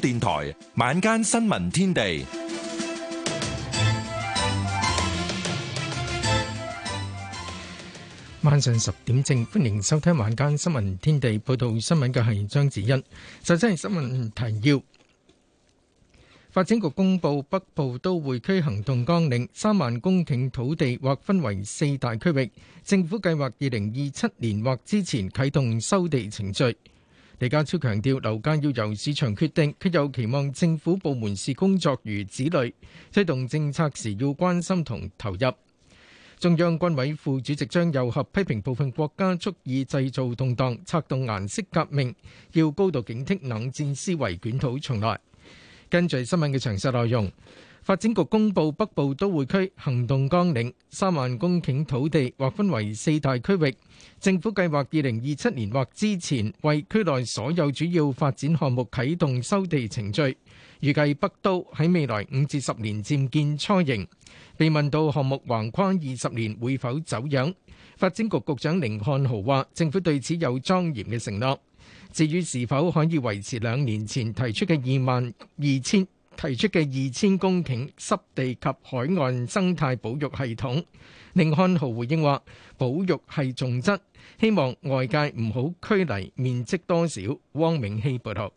電台晚間新聞天地，晚上十點正，歡迎收聽晚間新聞天地。報道新聞嘅係張子欣，首先係新聞提要。發展局公布北部都會區行動綱領，三萬公頃土地劃分為四大區域，政府計劃二零二七年或之前啟動收地程序。李家超強調樓價要由市場決定，佢又期望政府部門視工作如子女，推動政策時要關心同投入。中央軍委副主席張又俠批評部分國家蓄意製造動盪，策動顏色革命，要高度警惕冷戰思維捲土重來。跟住新聞嘅詳細內容，發展局公布北部都會區行動綱領，三萬公頃土地劃分為四大區域。政府計劃二零二七年或之前為區內所有主要發展項目啟動收地程序，預計北都喺未來五至十年漸見雛形。被問到項目橫跨二十年會否走樣，發展局局長寧漢豪話：政府對此有莊嚴嘅承諾。至於是否可以維持兩年前提出嘅二萬二千提出嘅二千公頃濕地及海岸生態保育系統，寧漢豪回應話。保育係重質，希望外界唔好拘泥面積多少。汪明希報道。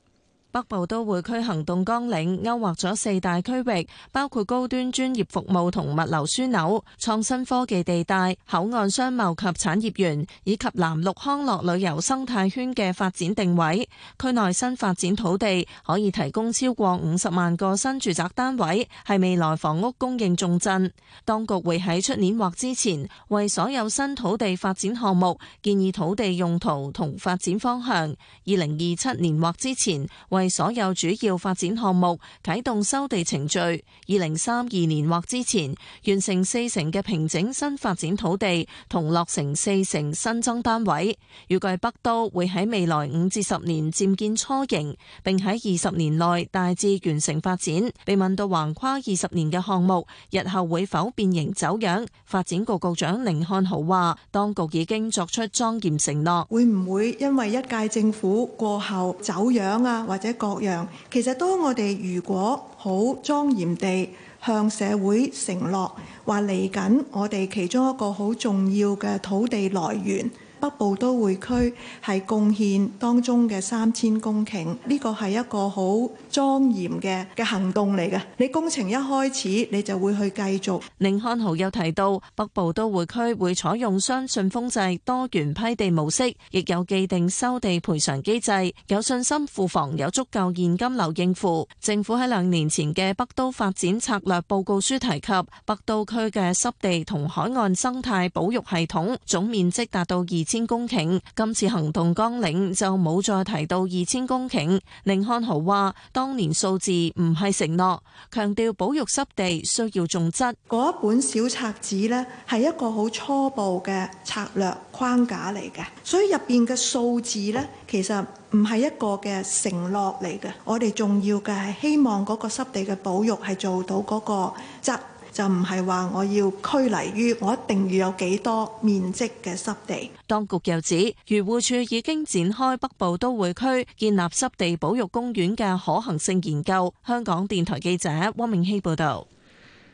北部都會區行動綱領勾劃咗四大區域，包括高端專業服務同物流樞紐、創新科技地帶、口岸商貿及產業園，以及藍綠康樂旅遊生態圈嘅發展定位。區內新發展土地可以提供超過五十萬個新住宅單位，係未來房屋供應重鎮。當局會喺出年或之前為所有新土地發展項目建議土地用途同發展方向。二零二七年或之前為所有主要發展項目啟動收地程序，二零三二年或之前完成四成嘅平整新發展土地，同落成四成新增單位。預計北都會喺未來五至十年漸見雛形，並喺二十年內大致完成發展。被問到橫跨二十年嘅項目日後會否變形走樣，發展局局長甯漢豪話：當局已經作出莊嚴承諾，會唔會因為一屆政府過後走樣啊，或者？各樣，其實當我哋如果好莊嚴地向社會承諾，話嚟緊我哋其中一個好重要嘅土地來源。北部都會區係貢獻當中嘅三千公頃，呢個係一個好莊嚴嘅嘅行動嚟嘅。你工程一開始，你就會去繼續。寧漢豪又提到，北部都會區會採用雙信封制、多元批地模式，亦有既定收地賠償機制，有信心庫房有足夠現金流應付。政府喺兩年前嘅北都發展策略報告書提及，北都區嘅濕地同海岸生態保育系統總面積達到二千公頃，今次行動綱領就冇再提到二千公頃。寧漢豪話：當年數字唔係承諾，強調保育濕地需要重質。嗰一本小冊子呢，係一個好初步嘅策略框架嚟嘅，所以入邊嘅數字呢，其實唔係一個嘅承諾嚟嘅。我哋重要嘅係希望嗰個濕地嘅保育係做到嗰個質。就唔係話我要拘泥於我一定要有幾多面積嘅濕地。當局又指漁護署已經展開北部都會區建立濕地保育公園嘅可行性研究。香港電台記者汪明希報道，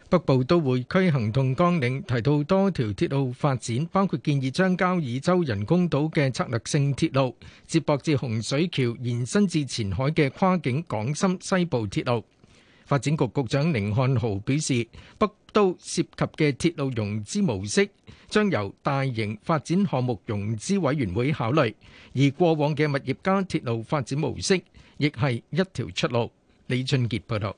北部都會區行動綱領提到多條鐵路發展，包括建議將交椅洲人工島嘅策略性鐵路接駁至洪水橋延伸至前海嘅跨境港深西部鐵路。發展局局長甯漢豪表示，北都涉及嘅鐵路融資模式將由大型發展項目融資委員會考慮，而過往嘅物業加鐵路發展模式亦係一條出路。李俊傑報道。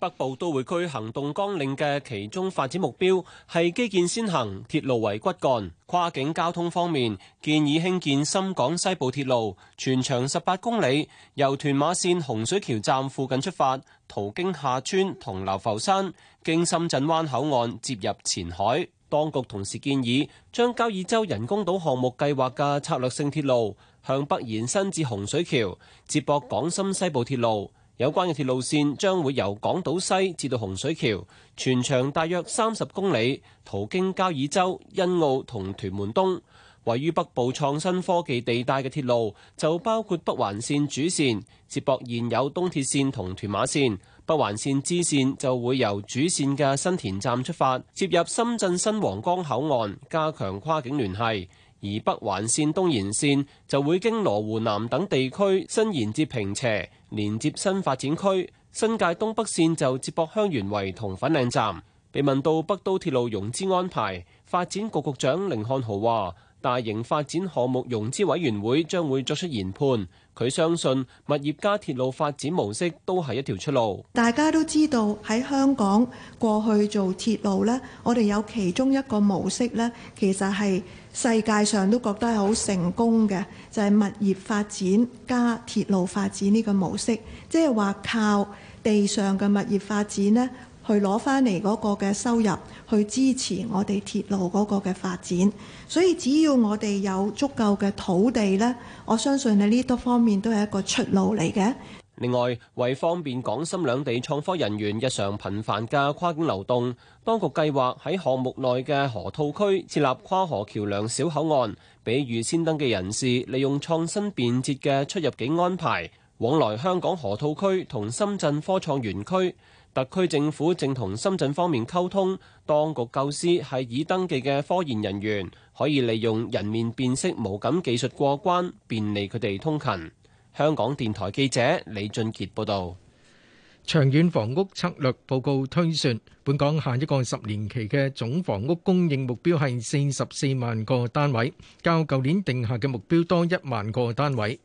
北部都會區行動綱領嘅其中發展目標係基建先行，鐵路為骨幹。跨境交通方面，建議興建深港西部鐵路，全長十八公里，由屯馬線洪水橋站附近出發，途經下村同流浮山，經深圳灣口岸接入前海。當局同時建議將交椅洲人工島項目計劃嘅策略性鐵路向北延伸至洪水橋，接駁港深西部鐵路。有關嘅鐵路線將會由港島西至到洪水橋，全長大約三十公里，途經交椅洲、欣澳同屯門東。位於北部創新科技地帶嘅鐵路就包括北環線主線，接駁現有東鐵線同屯馬線。北環線支線就會由主線嘅新田站出發，接入深圳新皇崗口岸，加強跨境聯繫。而北環線東延線就會經羅湖南等地區，伸延至坪輋，連接新發展區；新界東北線就接駁香園圍同粉嶺站。被問到北都鐵路融資安排，發展局局長甯漢豪話。大型發展項目融資委員會將會作出研判，佢相信物業加鐵路發展模式都係一條出路。大家都知道喺香港過去做鐵路呢，我哋有其中一個模式呢，其實係世界上都覺得係好成功嘅，就係物業發展加鐵路發展呢個模式，即係話靠地上嘅物業發展呢。去攞翻嚟嗰個嘅收入，去支持我哋鐵路嗰個嘅發展。所以只要我哋有足夠嘅土地呢，我相信喺呢多方面都係一個出路嚟嘅。另外，為方便港深兩地創科人員日常頻繁嘅跨境流動，當局計劃喺項目內嘅河套區設立跨河橋梁小口岸，俾預先登記人士利用創新便捷嘅出入境安排，往來香港河套區同深圳科創園區。特區政府正同深圳方面溝通，當局構思係已登記嘅科研人員可以利用人面辨識無感技術過關，便利佢哋通勤。香港電台記者李俊傑報道。長遠房屋策略報告推算，本港下一個十年期嘅總房屋供應目標係四十四萬個單位，較舊年定下嘅目標多一萬個單位。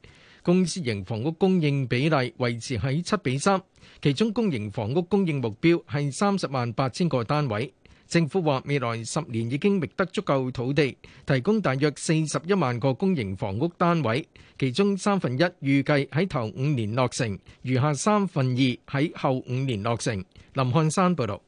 公私營房屋供應比例維持喺七比三，其中公營房屋供應目標係三十萬八千個單位。政府話未來十年已經覓得足夠土地，提供大約四十一萬個公營房屋單位，其中三分一預計喺頭五年落成，餘下三分二喺後五年落成。林漢山報導。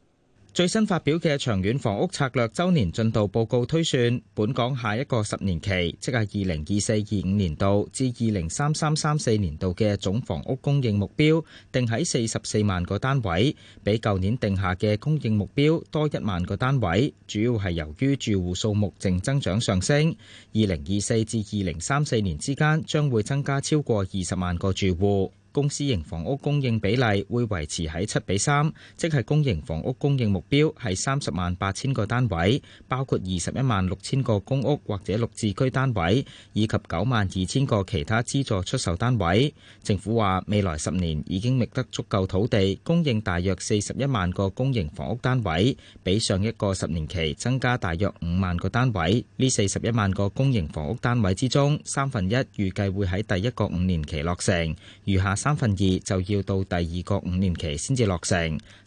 最新發表嘅長遠房屋策略週年進度報告推算，本港下一個十年期，即係二零二四、二五年度至二零三三、三四年度嘅總房屋供應目標定喺四十四萬個單位，比舊年定下嘅供應目標多一萬個單位，主要係由於住戶數目淨增長上升。二零二四至二零三四年之間，將會增加超過二十萬個住戶。公私營房屋供應比例會維持喺七比三，即係公營房屋供應目標係三十萬八千個單位，包括二十一萬六千個公屋或者綠置居單位，以及九萬二千個其他資助出售單位。政府話未來十年已經覓得足夠土地，供應大約四十一萬個公營房屋單位，比上一個十年期增加大約五萬個單位。呢四十一萬個公營房屋單位之中，三分一預計會喺第一個五年期落成，餘下三分二就要到第二個五年期先至落成。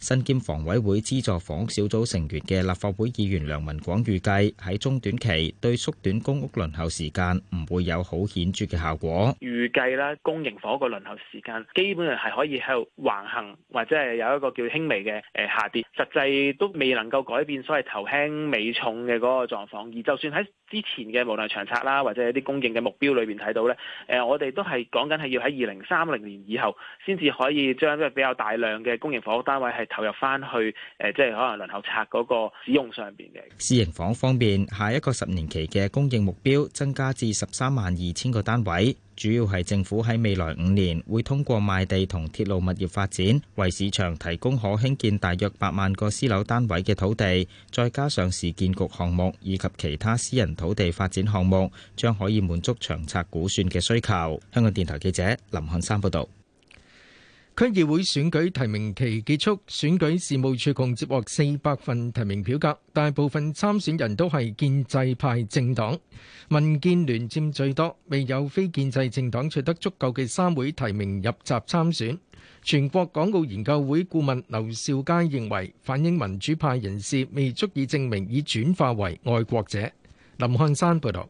身兼房委會資助房屋小組成員嘅立法會議員梁文廣預計喺中短期對縮短公屋輪候時間唔會有好顯著嘅效果。預計啦，公營房屋嘅輪候時間基本上係可以喺度橫行，或者係有一個叫輕微嘅誒下跌。實際都未能夠改變所謂頭輕尾重嘅嗰個狀況。而就算喺之前嘅無論長策啦，或者一啲供應嘅目標裏邊睇到咧，誒，我哋都係講緊係要喺二零三零年。以後先至可以將即係比較大量嘅公營房屋單位係投入翻去誒，即係可能輪候拆嗰個使用上邊嘅私營房方面，下一個十年期嘅供應目標增加至十三萬二千個單位。主要係政府喺未來五年會通過賣地同鐵路物業發展，為市場提供可興建大約百萬個私樓單位嘅土地，再加上市建局項目以及其他私人土地發展項目，將可以滿足長策估算嘅需求。香港電台記者林漢山報道。區議會選舉提名期結束，選舉事務處共接獲四百份提名表格，大部分參選人都係建制派政黨，民建聯佔最多，未有非建制政黨取得足夠嘅三會提名入閘參選。全國港澳研究會顧問劉兆佳認為，反映民主派人士未足以證明已轉化為愛國者。林漢山報道。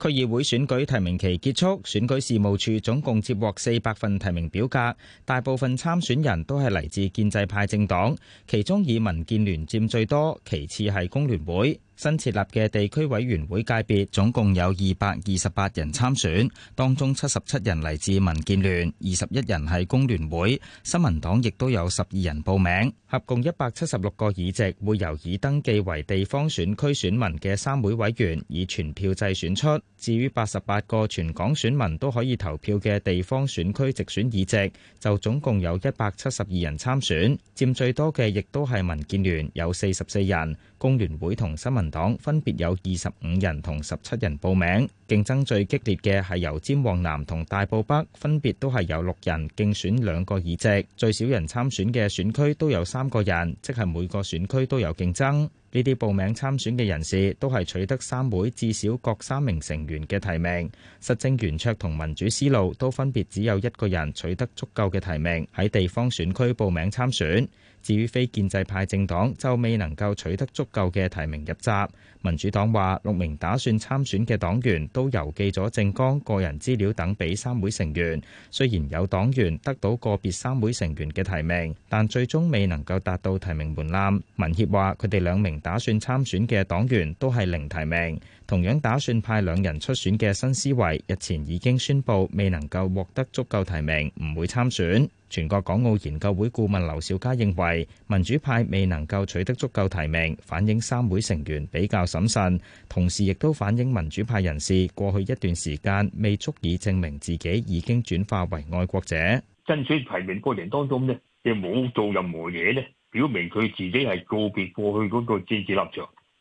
區議會選舉提名期結束，選舉事務處總共接獲四百份提名表格，大部分參選人都係嚟自建制派政黨，其中以民建聯佔最多，其次係工聯會。新設立嘅地區委員會界別總共有二百二十八人參選，當中七十七人嚟自民建聯，二十一人係工聯會，新民黨亦都有十二人報名，合共一百七十六個議席會由已登記為地方選區選民嘅三會委員以全票制選出。至於八十八個全港選民都可以投票嘅地方選區直選議席，就總共有一百七十二人參選，佔最多嘅亦都係民建聯，有四十四人。工聯會同新民黨分別有二十五人同十七人報名，競爭最激烈嘅係油尖旺南同大埔北，分別都係有六人競選兩個議席。最少人參選嘅選區都有三個人，即係每個選區都有競爭。呢啲報名參選嘅人士都係取得三會至少各三名成員嘅提名。實政圓桌同民主思路都分別只有一個人取得足夠嘅提名喺地方選區報名參選。至於非建制派政黨就未能夠取得足夠嘅提名入閘，民主黨話六名打算參選嘅黨員都郵寄咗政綱、個人資料等畀三會成員，雖然有黨員得到個別三會成員嘅提名，但最終未能夠達到提名門檻。民協話佢哋兩名打算參選嘅黨員都係零提名。同樣打算派兩人出選嘅新思維，日前已經宣佈未能夠獲得足夠提名，唔會參選。全國港澳研究會顧問劉少佳認為，民主派未能夠取得足夠提名，反映三會成員比較審慎，同時亦都反映民主派人士過去一段時間未足以證明自己已經轉化為愛國者。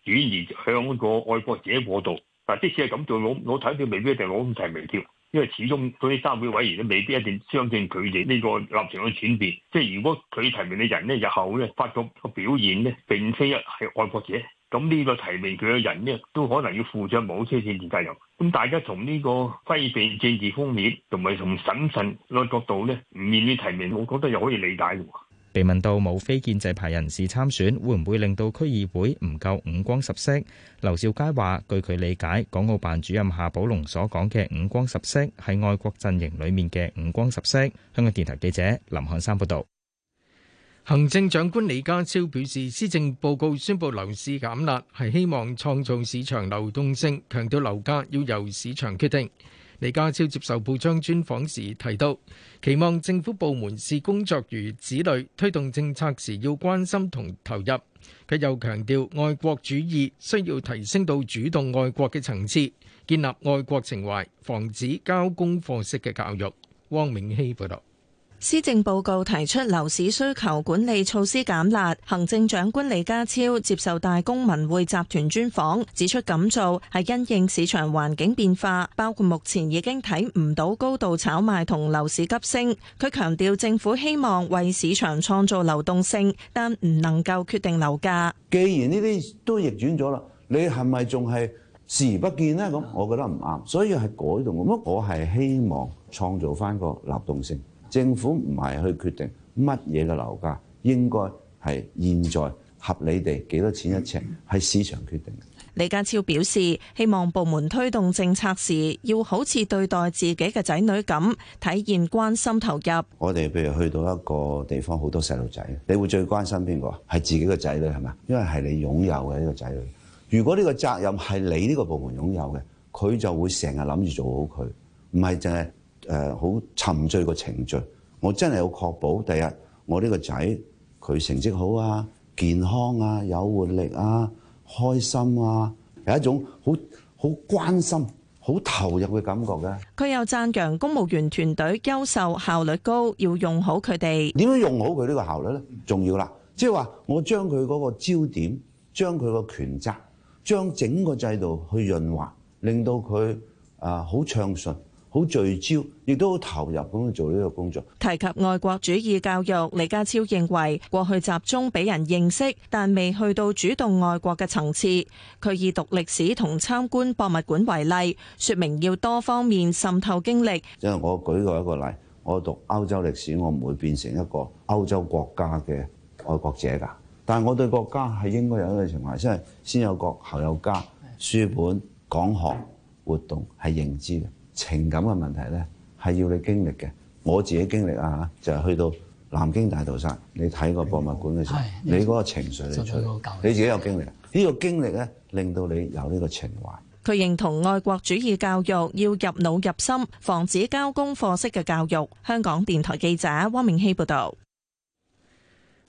轉移向個愛國者過度，嗱，即使係咁做，攞攞提票未必一定攞咁提名票，因為始終嗰啲三會委員都未必一定相信佢哋呢個立場嘅轉變。即係如果佢提名嘅人咧，日後咧發覺個表現咧，並非係愛國者，咁呢個提名佢嘅人咧，都可能要負著某些政治責任。咁大家從呢個規避政治方面，同埋從審慎嗰個角度咧，唔願意提名，我覺得又可以理解嘅。被問到冇非建制派人士參選，會唔會令到區議會唔夠五光十色？劉兆佳話：據佢理解，港澳辦主任夏寶龍所講嘅五光十色係外國陣營裡面嘅五光十色。香港電台記者林漢山報道，行政長官李家超表示，施政報告宣布樓市減壓，係希望創造市場流動性，強調樓價要由市場決定。李家超接受報章專訪時提到，期望政府部門視工作如子女，推動政策時要關心同投入。佢又強調，愛國主義需要提升到主動愛國嘅層次，建立愛國情懷，防止交功課式嘅教育。汪明熙報道。施政報告提出樓市需求管理措施減辣。行政長官李家超接受大公文匯集團專訪，指出咁做係因應市場環境變化，包括目前已經睇唔到高度炒賣同樓市急升。佢強調政府希望為市場創造流動性，但唔能夠決定樓價。既然呢啲都逆轉咗啦，你係咪仲係視而不見呢？咁我覺得唔啱，所以係改動。咁我係希望創造翻個流動性。政府唔係去決定乜嘢嘅樓價應該係現在合理地幾多錢一尺，係市場決定嘅。李家超表示，希望部門推動政策時，要好似對待自己嘅仔女咁，體現關心投入。我哋譬如去到一個地方，好多細路仔，你會最關心邊個？係自己嘅仔女係嘛？因為係你擁有嘅呢個仔女。如果呢個責任係你呢個部門擁有嘅，佢就會成日諗住做好佢，唔係淨係。誒好、呃、沉醉個程序，我真係要確保第日我呢個仔佢成績好啊、健康啊、有活力啊、開心啊，有一種好好關心、好投入嘅感覺嘅。佢又讚揚公務員團隊優秀、效率高，要用好佢哋。點樣用好佢呢個效率呢？重要啦，即係話我將佢嗰個焦點、將佢個權責、將整個制度去潤滑，令到佢啊好暢順。好聚焦，亦都好投入咁做呢個工作。提及愛國主義教育，李家超認為過去集中俾人認識，但未去到主動愛國嘅層次。佢以讀歷史同參觀博物館為例，說明要多方面滲透經歷，即係我舉過一個例，我讀歐洲歷史，我唔會變成一個歐洲國家嘅愛國者㗎，但我對國家係應該有一個情懷，即係先有國後有家。書本講學活動係認知嘅。情感嘅問題呢，係要你經歷嘅。我自己經歷啊嚇，就係去到南京大屠殺，你睇個博物館嘅時候，你嗰個情緒你出，你自己有經歷。呢個經歷呢，令到你有呢個情懷。佢認同愛國主義教育要入腦入心，防止交功課式嘅教育。香港電台記者汪明希報導。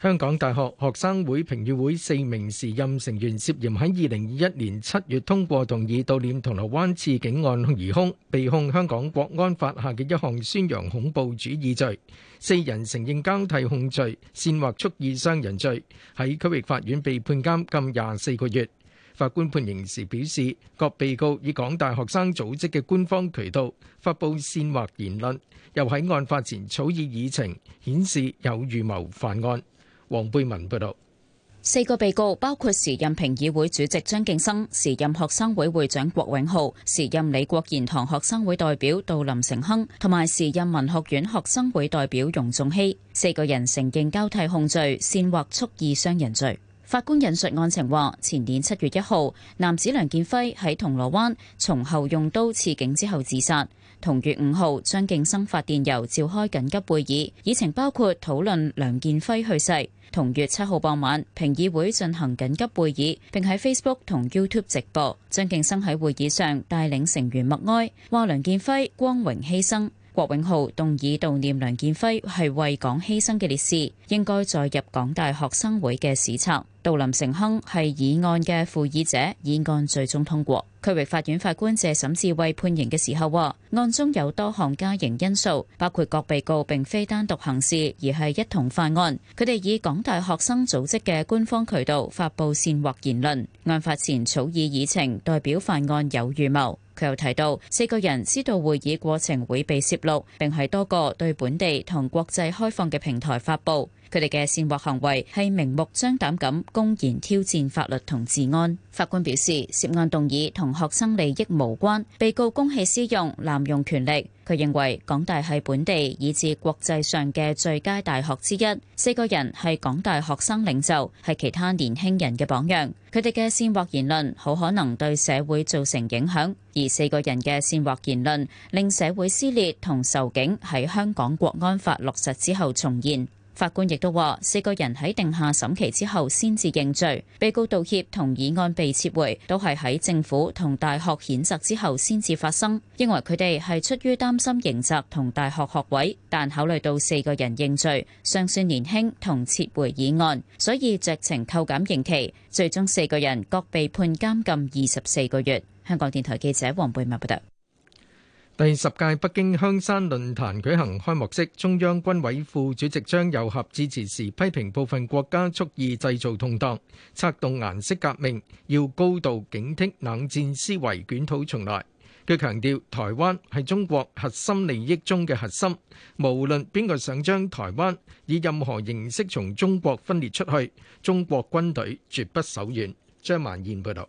香港大學學生會評議會四名時任成員涉嫌喺二零二一年七月通過同意悼念銅鑼灣刺警案疑兇被控香港國安法下嘅一項宣揚恐怖主義罪。四人承認交替控罪、煽惑蓄意傷人罪，喺區域法院被判監禁廿四個月。法官判刑時表示，各被告以港大學生組織嘅官方渠道發布煽惑言論，又喺案發前草擬議程，顯示有預謀犯案。黃貝文報道，四個被告包括時任評議會主席張敬生、時任學生會會長郭永浩、時任李國賢堂學生會代表杜林成亨，同埋時任文學院學生會代表容仲熙。四個人承認交替控罪，煽惑蓄，蓄意傷人罪。法官引述案情話，前年七月一號，男子梁建輝喺銅鑼灣從後用刀刺警之後自殺。同月五號，張敬生發電郵召開緊急會議，議程包括討論梁建輝去世。同月七號傍晚，評議會進行緊急會議，並喺 Facebook 同 YouTube 直播。張敬生喺會議上帶領成員默哀，話梁建輝光榮犧牲。郭永浩動議悼念梁健輝係為港犧牲嘅烈士，應該載入港大學生會嘅史冊。杜林成亨係議案嘅附議者，議案最終通過。區域法院法官謝沈智慧判刑嘅時候話，案中有多項加刑因素，包括各被告並非單獨行事，而係一同犯案。佢哋以港大學生組織嘅官方渠道發佈煽惑言論，案發前草擬議程，代表犯案有預謀。佢又提到，四個人知道會議過程會被攝錄，並係多個對本地同國際開放嘅平台發佈。佢哋嘅煽惑行為係明目張膽咁公然挑戰法律同治安。法官表示，涉案動議同學生利益無關，被告公器私用、濫用權力。佢認為，港大係本地以至國際上嘅最佳大學之一，四個人係港大學生領袖，係其他年輕人嘅榜樣。佢哋嘅煽惑言論好可能對社會造成影響，而四個人嘅煽惑言論令社會撕裂同仇警喺香港國安法落實之後重現。法官亦都話：四個人喺定下審期之後先至認罪，被告道歉同議案被撤回，都係喺政府同大學譴責之後先至發生，認為佢哋係出於擔心刑責同大學學位，但考慮到四個人認罪、尚算年輕同撤回議案，所以酌情扣減刑期，最終四個人各被判監禁二十四個月。香港電台記者黃貝文報道。第十屆北京香山論壇舉行開幕式，中央軍委副主席張又俠致辭時批評部分國家蓄意製造動盪，策動顏色革命，要高度警惕冷戰思維捲土重來。佢強調，台灣係中國核心利益中嘅核心，無論邊個想將台灣以任何形式從中國分裂出去，中國軍隊絕不手軟。張曼燕報道。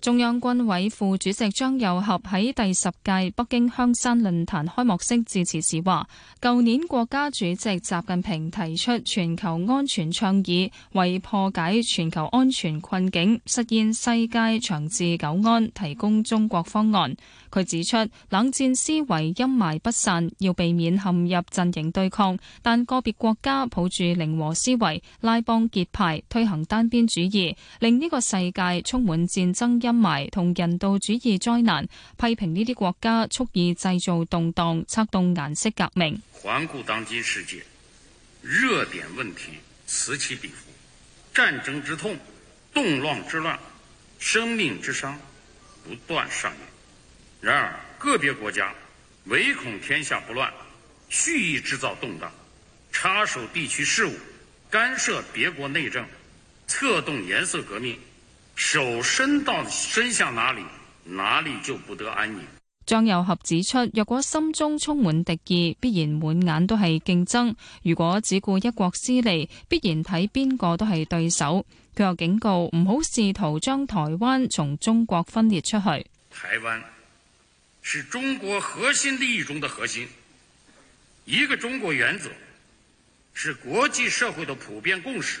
中央軍委副主席張又俠喺第十屆北京香山論壇開幕式致辭時話，舊年國家主席習近平提出全球安全倡議，為破解全球安全困境、實現世界長治久安提供中國方案。佢指出，冷戰思維陰霾不散，要避免陷入陣營對抗，但個別國家抱住零和思維、拉幫結派、推行單邊主義，令呢個世界充滿戰爭陰霾同人道主義災難，批評呢啲國家蓄意製造動盪，策動顏色革命。環顧當今世界，熱點問題此起彼伏，戰爭之痛、動亂之亂、生命之傷不斷上演。然而個別國家唯恐天下不亂，蓄意製造動盪，插手地區事務，干涉別國內政，策動顏色革命。手伸到伸向哪裏，哪裏就不得安寧。張友合指出，若果心中充滿敵意，必然滿眼都係競爭；如果只顧一國私利，必然睇邊個都係對手。佢又警告，唔好試圖將台灣從中國分裂出去。台灣是中國核心利益中的核心，一個中國原則是國際社會的普遍共識。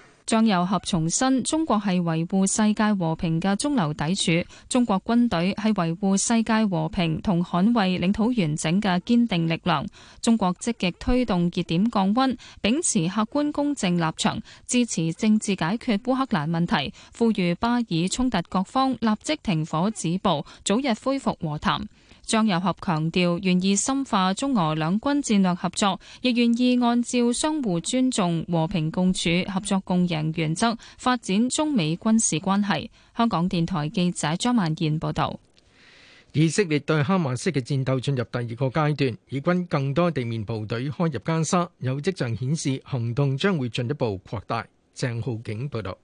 張又俠重申，中國係維護世界和平嘅中流砥柱，中國軍隊係維護世界和平同捍衛領土完整嘅堅定力量。中國積極推動熱點降溫，秉持客觀公正立場，支持政治解決烏克蘭問題，呼籲巴以衝突各方立即停火止暴，早日恢復和談。張又俠強調，願意深化中俄兩軍戰略合作，亦願意按照相互尊重、和平共處、合作共贏。原則發展中美軍事關係。香港電台記者張曼燕報道：以色列對哈馬斯嘅戰鬥進入第二個階段，以軍更多地面部隊開入加沙，有跡象顯示行動將會進一步擴大。鄭浩景報道：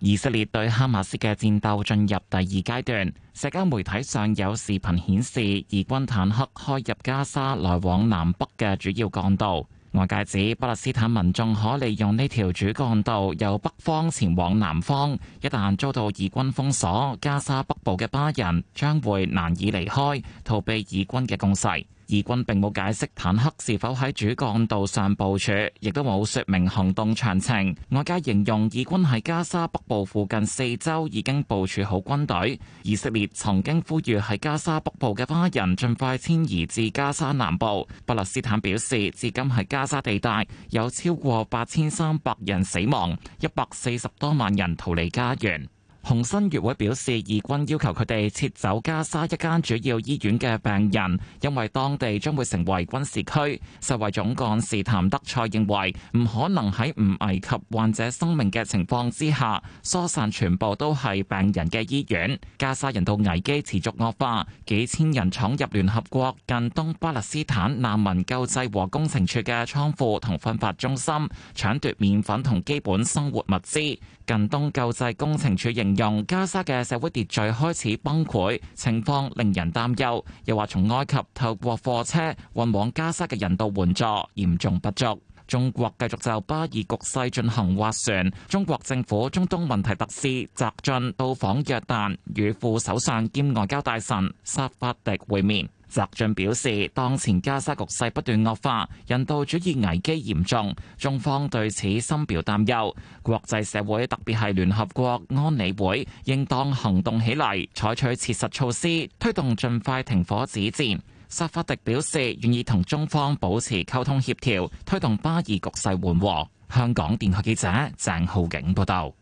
以色列對哈馬斯嘅戰鬥進入第二階段，社交媒體上有視頻顯示，以軍坦克開入加沙來往南北嘅主要幹道。外界指巴勒斯坦民眾可利用呢條主幹道由北方前往南方，一旦遭到以軍封鎖，加沙北部嘅巴人將會難以離開，逃避以軍嘅攻勢。以軍並冇解釋坦克是否喺主幹道上部署，亦都冇說明行動詳情。外界形容以軍喺加沙北部附近四周已經部署好軍隊。以色列曾經呼籲喺加沙北部嘅巴人盡快遷移至加沙南部。巴勒斯坦表示，至今喺加沙地帶有超過八千三百人死亡，一百四十多萬人逃離家園。紅新月會表示，義軍要求佢哋撤走加沙一間主要醫院嘅病人，因為當地將會成為軍事區。世衛總幹事譚德賽認為，唔可能喺唔危及患者生命嘅情況之下疏散全部都係病人嘅醫院。加沙人道危機持續惡化，幾千人闖入聯合國近東巴勒斯坦難民救濟和工程處嘅倉庫同分發中心，搶奪麵粉同基本生活物資。近東救濟工程處形容加沙嘅社會秩序開始崩潰，情況令人擔憂。又話從埃及透過貨車運往，往加沙嘅人道援助嚴重不足。中國繼續就巴以局勢進行斡旋，中國政府中東問題特使翟雋到訪約旦，與副首相兼外交大臣薩法迪會面。澤俊表示，當前加沙局勢不斷惡化，人道主義危機嚴重，中方對此深表擔憂。國際社會，特別係聯合國安理會，應當行動起嚟，採取切實措施，推動盡快停火止戰。薩法迪表示，願意同中方保持溝通協調，推動巴以局勢緩和。香港電台記者鄭浩景報道。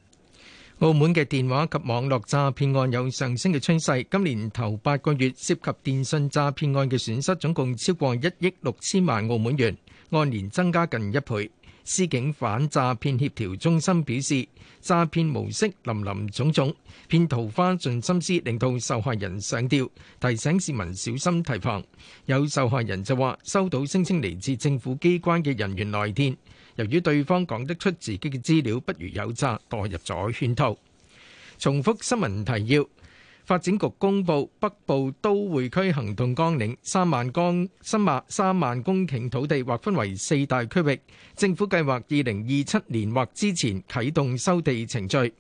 澳門嘅電話及網絡詐騙案有上升嘅趨勢，今年頭八個月涉及電信詐騙案嘅損失總共超過一億六千萬澳門元，按年增加近一倍。司警反詐騙協調中心表示，詐騙模式林林總總，騙徒花盡心思，令到受害人上釣，提醒市民小心提防。有受害人就話，收到聲稱嚟自政府機關嘅人員來電。由於對方講得出自己嘅資料，不如有詐，墮入咗圈套。重複新聞提要：發展局公布北部都會區行動綱領，三萬公三萬公頃土地劃分為四大區域，政府計劃二零二七年或之前啟動收地程序。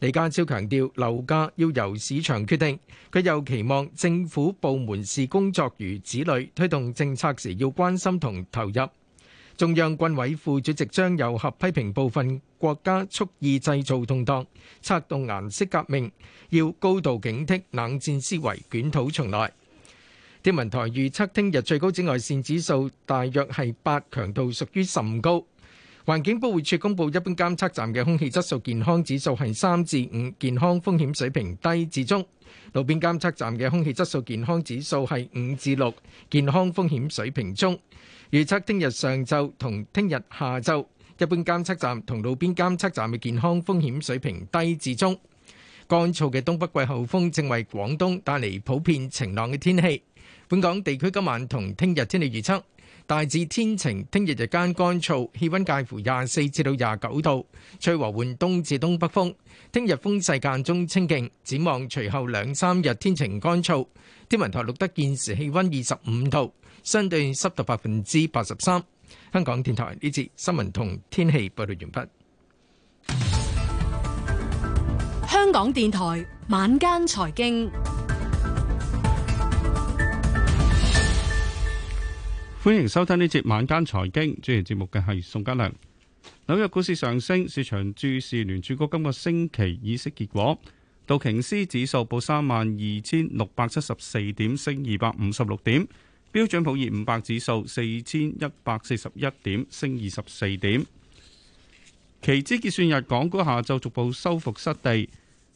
李家超強調樓價要由市場決定，佢又期望政府部門視工作如子女，推動政策時要關心同投入。中央軍委副主席張又俠批評部分國家蓄意製造動盪，策動顏色革命，要高度警惕冷戰思維捲土重來。天文台預測聽日最高紫外線指數大約係八強度，屬於甚高。環境保護署公布，一般監測站嘅空氣質素健康指數係三至五，健康風險水平低至中；路邊監測站嘅空氣質素健康指數係五至六，健康風險水平中。預測聽日上晝同聽日下晝，一般監測站同路邊監測站嘅健康風險水平低至中。乾燥嘅東北季候風正為廣東帶嚟普遍晴朗嘅天氣。本港地區今晚同聽日天氣預測。大致天晴，聽日日間乾燥，氣溫介乎廿四至到廿九度，吹和緩東至東北風。聽日風勢間中清勁，展望隨後兩三日天晴乾燥。天文台錄得現時氣溫二十五度，相對濕度百分之八十三。香港電台呢節新聞同天氣報道完畢。香港電台晚間財經。歡迎收聽呢節晚間財經，主持節目嘅係宋家良。紐約股市上升，市場注視聯儲局今個星期議息結果。道瓊斯指數報三萬二千六百七十四點，升二百五十六點。標準普爾五百指數四千一百四十一點，升二十四點。期指結算日，港股下晝逐步收復失地，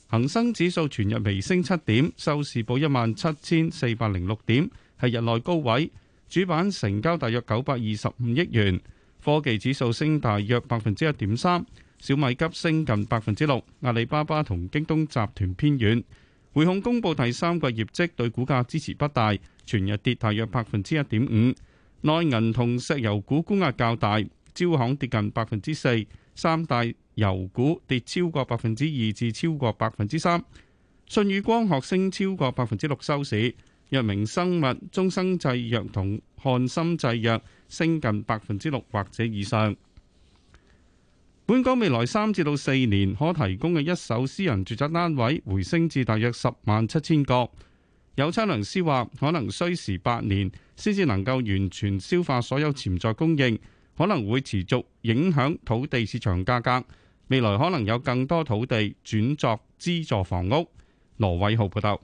恒生指數全日微升七點，收市報一萬七千四百零六點，係日內高位。主板成交大約九百二十五億元，科技指數升大約百分之一點三，小米急升近百分之六，阿里巴巴同京東集團偏軟。匯控公布第三季業績，對股價支持不大，全日跌大約百分之一點五。內銀同石油股沽壓較大，招行跌近百分之四，三大油股跌超過百分之二至超過百分之三。舜宇光學升超過百分之六收市。藥明生物、中生製藥同漢森製藥升近百分之六或者以上。本港未來三至到四年可提供嘅一手私人住宅單位回升至大約十萬七千個。有測量師話，可能需時八年先至能夠完全消化所有潛在供應，可能會持續影響土地市場價格。未來可能有更多土地轉作資助房屋。羅偉浩報道。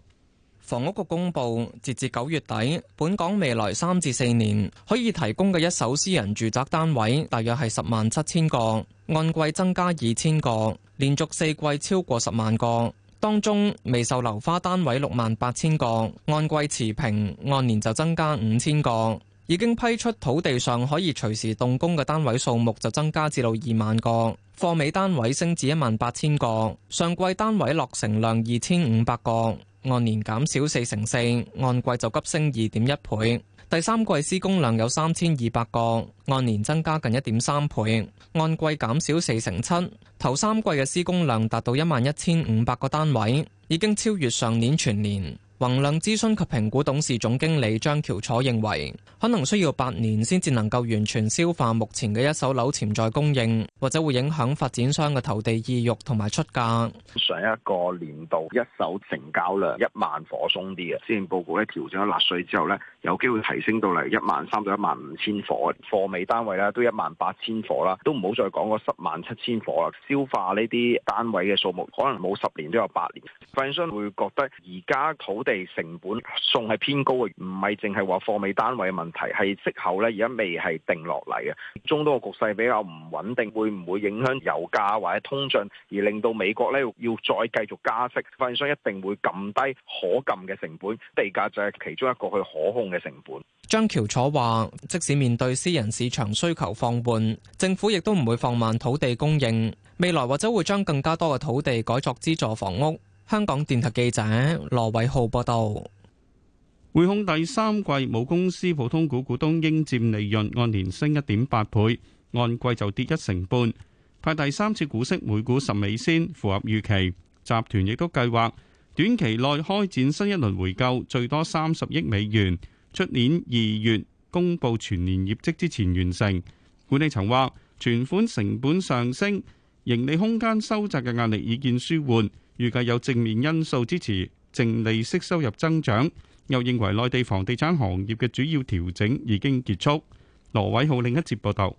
房屋局公布，截至九月底，本港未來三至四年可以提供嘅一手私人住宅單位大約係十萬七千個，按季增加二千個，連續四季超過十萬個。當中未售樓花單位六萬八千個，按季持平，按年就增加五千個。已經批出土地上可以隨時動工嘅單位數目就增加至到二萬個，貨尾單位升至一萬八千個。上季單位落成量二千五百個。按年減少四成四，按季就急升二點一倍。第三季施工量有三千二百個，按年增加近一點三倍，按季減少四成七。頭三季嘅施工量達到一萬一千五百個單位，已經超越上年全年。宏亮諮詢及評估董事總經理張喬楚認為，可能需要八年先至能夠完全消化目前嘅一手樓潛在供應，或者會影響發展商嘅投地意欲同埋出價。上一個年度一手成交量一萬伙鬆啲嘅，施政報告咧，調整咗辣稅之後呢，有機會提升到嚟一萬三到一萬五千伙，貨尾單位咧，都一萬八千伙啦，都唔好再講嗰十萬七千伙啦。消化呢啲單位嘅數目，可能冇十年都有八年。發展商會覺得而家土地成本仲係偏高嘅，唔係淨係話貨尾單位嘅問題，係息口咧而家未係定落嚟嘅。中東個局勢比較唔穩定，會唔會影響油價或者通脹，而令到美國咧要再繼續加息？發展商一定會撳低可撳嘅成本，地價就係其中一個去可控嘅成本。張喬楚話：即使面對私人市場需求放緩，政府亦都唔會放慢土地供應，未來或者會將更加多嘅土地改作資助房屋。香港電台記者羅偉浩報道。滙控第三季母公司普通股股東應佔利潤按年升一點八倍，按季就跌一成半。派第三次股息每股十美仙，符合預期。集團亦都計劃短期內開展新一輪回購，最多三十億美元，出年二月公布全年業績之前完成。管理層話，存款成本上升，盈利空間收窄嘅壓力已見舒緩。預計有正面因素支持，淨利息收入增長，又認為內地房地產行業嘅主要調整已經結束。羅偉浩另一節報道。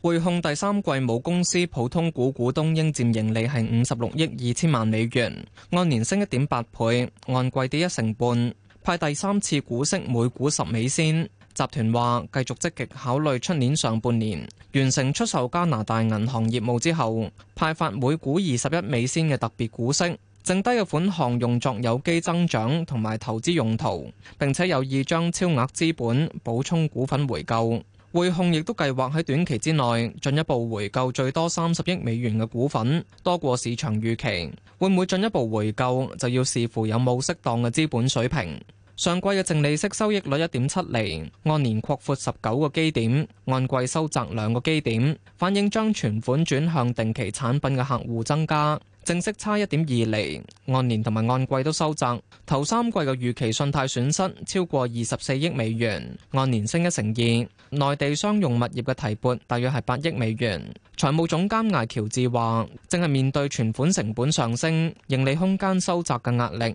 匯控第三季母公司普通股股東應佔盈利係五十六億二千萬美元，按年升一點八倍，按季跌一成半，派第三次股息每股十美仙。集團話繼續積極考慮出年上半年。完成出售加拿大銀行業務之後，派發每股二十一美仙嘅特別股息，剩低嘅款項用作有機增長同埋投資用途，並且有意將超額資本補充股份回購。匯控亦都計劃喺短期之內進一步回購最多三十億美元嘅股份，多過市場預期。會唔會進一步回購就要視乎有冇適當嘅資本水平。上季嘅淨利息收益率一點七厘，按年擴闊十九個基點，按季收窄兩個基點，反映將存款轉向定期產品嘅客戶增加。淨息差一點二厘，按年同埋按季都收窄。頭三季嘅預期信貸損失超過二十四億美元，按年升一成二。內地商用物業嘅提撥大約係八億美元。財務總監艾喬治話：正係面對存款成本上升、盈利空間收窄嘅壓力。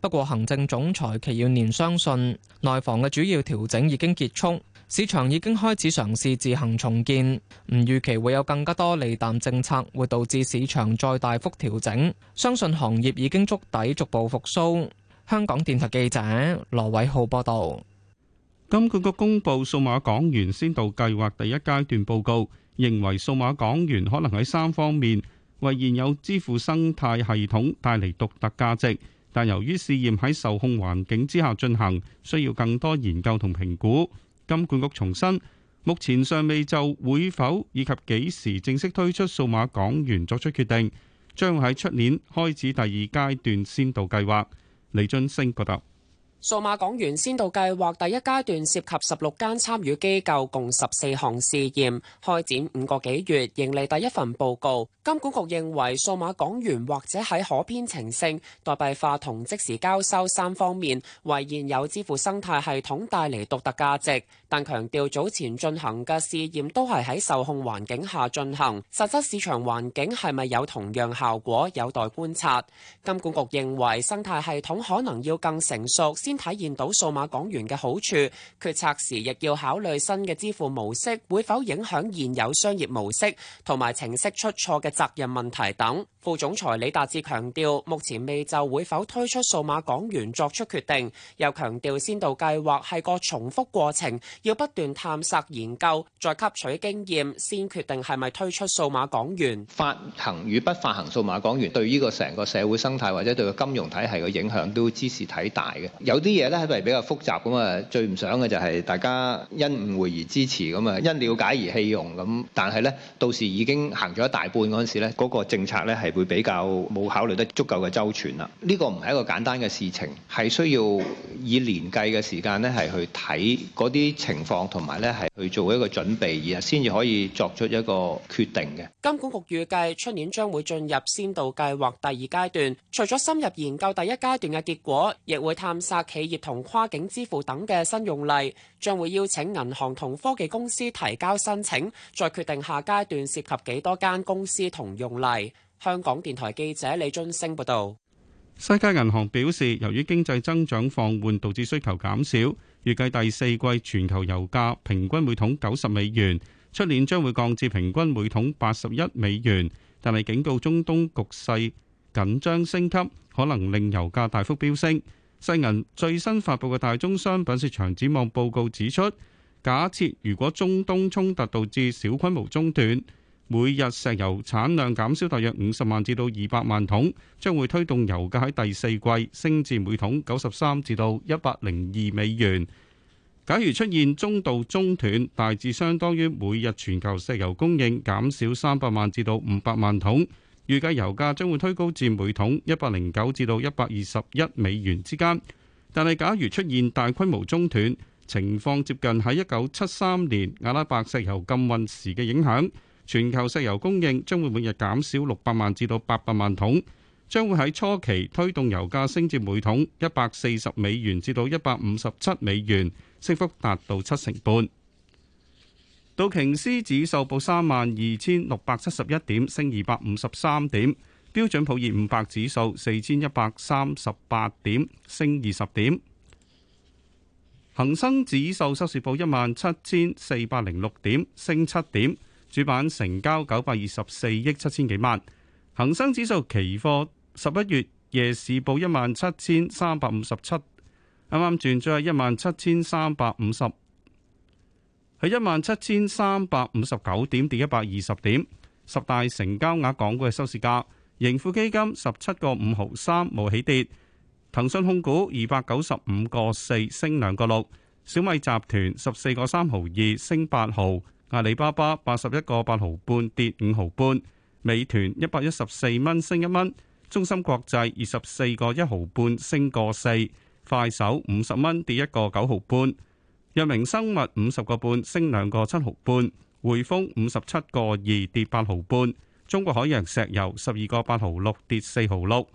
不過，行政總裁祁耀年相信內房嘅主要調整已經結束，市場已經開始嘗試自行重建。唔預期會有更加多利淡政策，會導致市場再大幅調整。相信行業已經觸底，逐步復甦。香港電台記者羅偉浩報道。金管局公布數碼港元先導計劃第一階段報告，認為數碼港元可能喺三方面為現有支付生態系統帶嚟獨特價值。但由於試驗喺受控環境之下進行，需要更多研究同評估。金管局重申，目前尚未就會否以及幾時正式推出數碼港元作出決定，將喺出年開始第二階段先導計劃。李俊升報道。數碼港元先導計劃第一階段涉及十六間參與機構，共十四項試驗，開展五個幾月，迎嚟第一份報告。金管局認為數碼港元或者喺可編程性、代幣化同即時交收三方面，為現有支付生態系統帶嚟獨特價值。但強調早前進行嘅試驗都係喺受控環境下進行，實質市場環境係咪有同樣效果有待觀察。金管局認為生態系統可能要更成熟。先體驗到數碼港元嘅好處，決策時亦要考慮新嘅支付模式會否影響現有商業模式，同埋程式出錯嘅責任問題等。副總裁李達志強調，目前未就會否推出數碼港元作出決定，又強調先導計劃係個重複過程，要不斷探索研究，再吸取經驗，先決定係咪推出數碼港元。發行與不發行數碼港元對呢個成個社會生態或者對個金融體系嘅影響都支持睇大嘅。有啲嘢咧係咪比較複雜咁啊，最唔想嘅就係大家因誤會而支持咁啊，因了解而棄用咁。但係咧，到時已經行咗一大半陣時時咧，嗰個政策咧係會比較冇考慮得足夠嘅周全啦。呢個唔係一個簡單嘅事情，係需要以年計嘅時間咧係去睇嗰啲情況同埋咧係去做一個準備，而後先至可以作出一個決定嘅。金管局預計出年將會進入先導計劃第二階段，除咗深入研究第一階段嘅結果，亦會探索。企業同跨境支付等嘅新用例，將會邀請銀行同科技公司提交申請，再決定下階段涉及幾多間公司同用例。香港電台記者李津升報導。世界銀行表示，由於經濟增長放緩導致需求減少，預計第四季全球油價平均每桶九十美元，出年將會降至平均每桶八十一美元。但係警告，中東局勢緊張升級，可能令油價大幅飆升。世銀最新發布嘅大宗商品市場展望報告指出，假設如果中東衝突導致小規模中斷，每日石油產量減少大約五十萬至到二百萬桶，將會推動油價喺第四季升至每桶九十三至到一百零二美元。假如出現中度中斷，大致相當於每日全球石油供應減少三百萬至到五百萬桶。預計油價將會推高至每桶一百零九至到一百二十一美元之間，但係假如出現大規模中斷，情況接近喺一九七三年阿拉伯石油禁運時嘅影響，全球石油供應將會每日減少六百萬至到八百萬桶，將會喺初期推動油價升至每桶一百四十美元至到一百五十七美元，升幅達到七成半。道瓊斯指數報三萬二千六百七十一點，升二百五十三點；標準普爾五百指數四千一百三十八點，升二十點。恒生指數收市報一萬七千四百零六點，升七點。主板成交九百二十四億七千幾萬。恒生指數期貨十一月夜市報一萬七千三百五十七，啱啱轉咗一萬七千三百五十。喺一萬七千三百五十九點跌一百二十點，十大成交額港股嘅收市價，盈富基金十七個五毫三冇起跌，騰訊控股二百九十五個四升兩個六，小米集團十四個三毫二升八毫，阿里巴巴八十一個八毫半跌五毫半，美團一百一十四蚊升一蚊，中芯國際二十四個一毫半升個四，快手五十蚊跌一個九毫半。藥明生物五十個半升兩個七毫半，匯豐五十七個二跌八毫半，中國海洋石油十二個八毫六跌四毫六。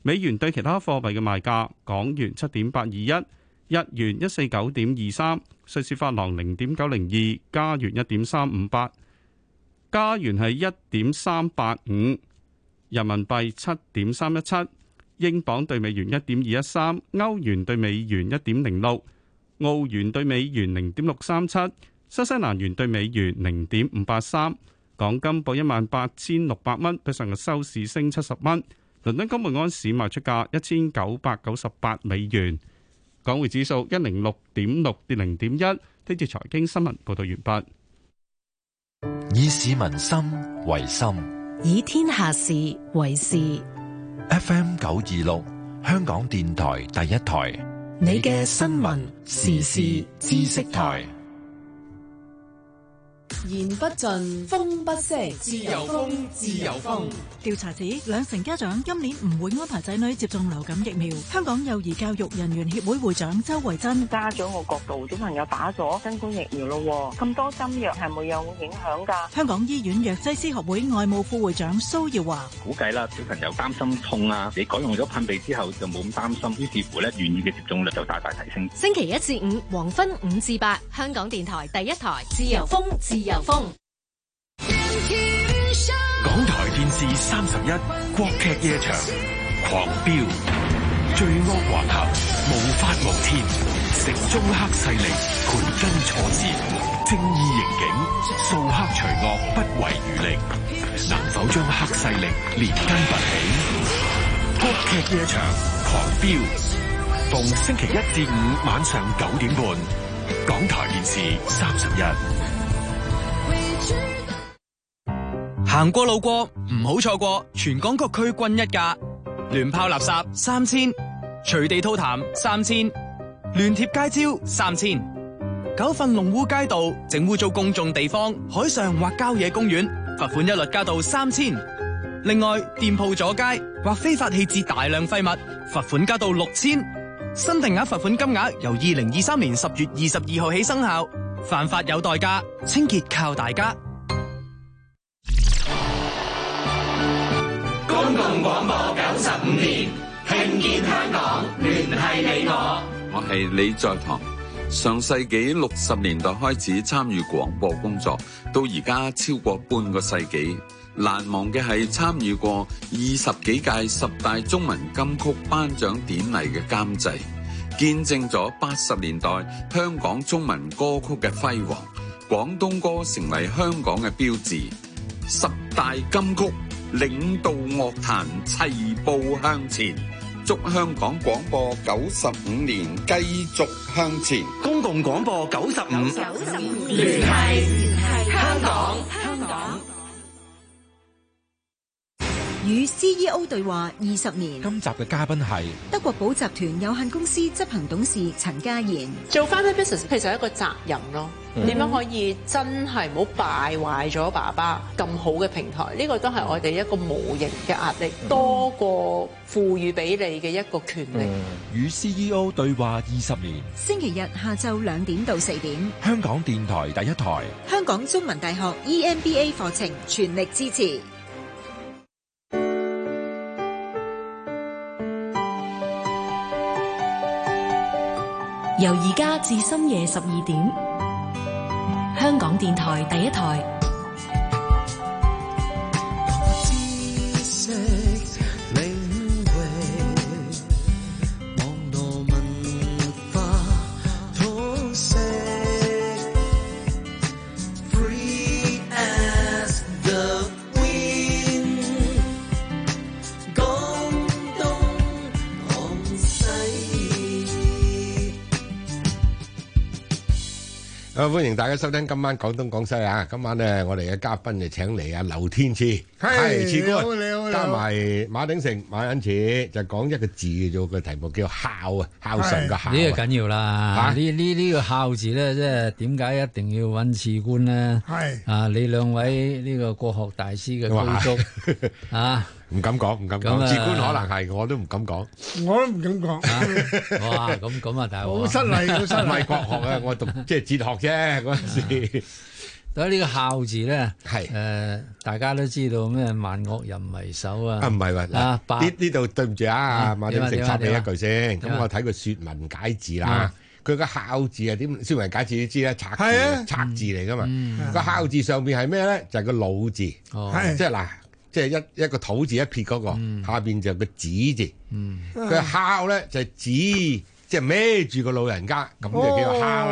美元對其他貨幣嘅賣價：港元七點八二一，日元一四九點二三，瑞士法郎零點九零二，加元一點三五八，加元係一點三八五，人民幣七點三一七，英鎊兌美元一點二一三，歐元兌美元一點零六。澳元兌美元零點六三七，新西蘭元兌美元零點五八三，港金報一萬八千六百蚊，比上日收市升七十蚊。倫敦金每安士賣出價一千九百九十八美元，港匯指數一零六點六跌零點一。呢節財經新聞報道完畢。以市民心為心，以天下事為事。FM 九二六，香港電台第一台。你嘅新聞時事知識台。言不盡，風不息，自由風，自由風。調查指兩成家長今年唔會安排仔女接種流感疫苗。香港幼兒教育人員協會會長周慧珍：家長嘅角度，小朋友打咗新冠疫苗咯，咁多針藥係冇有影響噶？香港醫院藥劑師學會外務副會長蘇耀華：估計啦，小朋友擔心痛啊，你改用咗噴鼻之後就冇咁擔心，於是乎咧，願意嘅接種率就大大提升。星期一至五黃昏五至八，香港電台第一台自由風，自由風。自由風，港台電視三十一國劇夜場狂飆，罪惡橫行，無法無天，城中黑勢力盤根錯節，正義刑警掃黑除惡不遺餘力，能否將黑勢力連根拔起？國劇夜場狂飆，逢星期一至五晚上九點半，港台電視三十一。行過路過，唔好錯過。全港各區均一價，亂拋垃圾三千，隨地吐痰三千，亂貼街招三千。九份龍污街道、整污糟公眾地方、海上或郊野公園，罰款一律加到三千。另外，店鋪阻街或非法棄置大量廢物，罰款加到六千。新定額罰款金額由二零二三年十月二十二號起生效。犯法有代價，清潔靠大家。公共廣播九十五年，聽見香港，聯繫你我。我係李在堂。上世紀六十年代開始參與廣播工作，到而家超過半個世紀。難忘嘅係參與過二十幾屆十大中文金曲頒獎典禮嘅監製。見證咗八十年代香港中文歌曲嘅輝煌，廣東歌成為香港嘅標誌，十大金曲領導樂壇齊步向前，祝香港廣播九十五年繼續向前，公共廣播九十五，九十五年，係香港，香港。香港香港與 CEO 對話二十年，今集嘅嘉賓係德國寶集團有限公司執行董事陳家賢。做翻 business 其實係一個責任咯，點樣、嗯、可以真係唔好敗壞咗爸爸咁好嘅平台？呢、這個都係我哋一個無形嘅壓力，嗯、多過賦予俾你嘅一個權力。嗯、與 CEO 對話二十年，星期日下晝兩點到四點，香港電台第一台，香港中文大學 EMBA 課程全力支持。由而家至深夜十二點，香港電台第一台。啊！歡迎大家收聽今晚廣東廣西啊！今晚咧，我哋嘅嘉賓就請嚟阿劉天賜，係賜官，加埋馬鼎盛、馬恩捷，就講一個字嘅啫，個題目叫孝啊！孝順嘅孝，呢個緊要啦！呢呢呢個孝字咧，即係點解一定要揾賜官咧？係啊！你兩位呢個國學大師嘅推崇啊！唔敢講，唔敢講，哲觀可能係，我都唔敢講，我都唔敢講。哇，咁咁啊，大佬，好失禮，好失禮。唔係國學嘅，我讀即係哲學嘅嗰陣時。咁呢個孝字咧，係誒，大家都知道咩？萬惡淫為首啊。啊，唔係喎，啊，呢呢度對唔住啊，馬鼎盛插你一句先。咁我睇佢《說文解字》啦。佢個孝字啊，點《說文解字》你知啦，拆字，拆字嚟噶嘛。個孝字上邊係咩咧？就係個老字。哦，即係嗱。即係一一個土字一撇嗰、那個，嗯、下邊就個子字，佢係、嗯、孝咧就係子，即係孭住個老人家咁就叫做孝。哦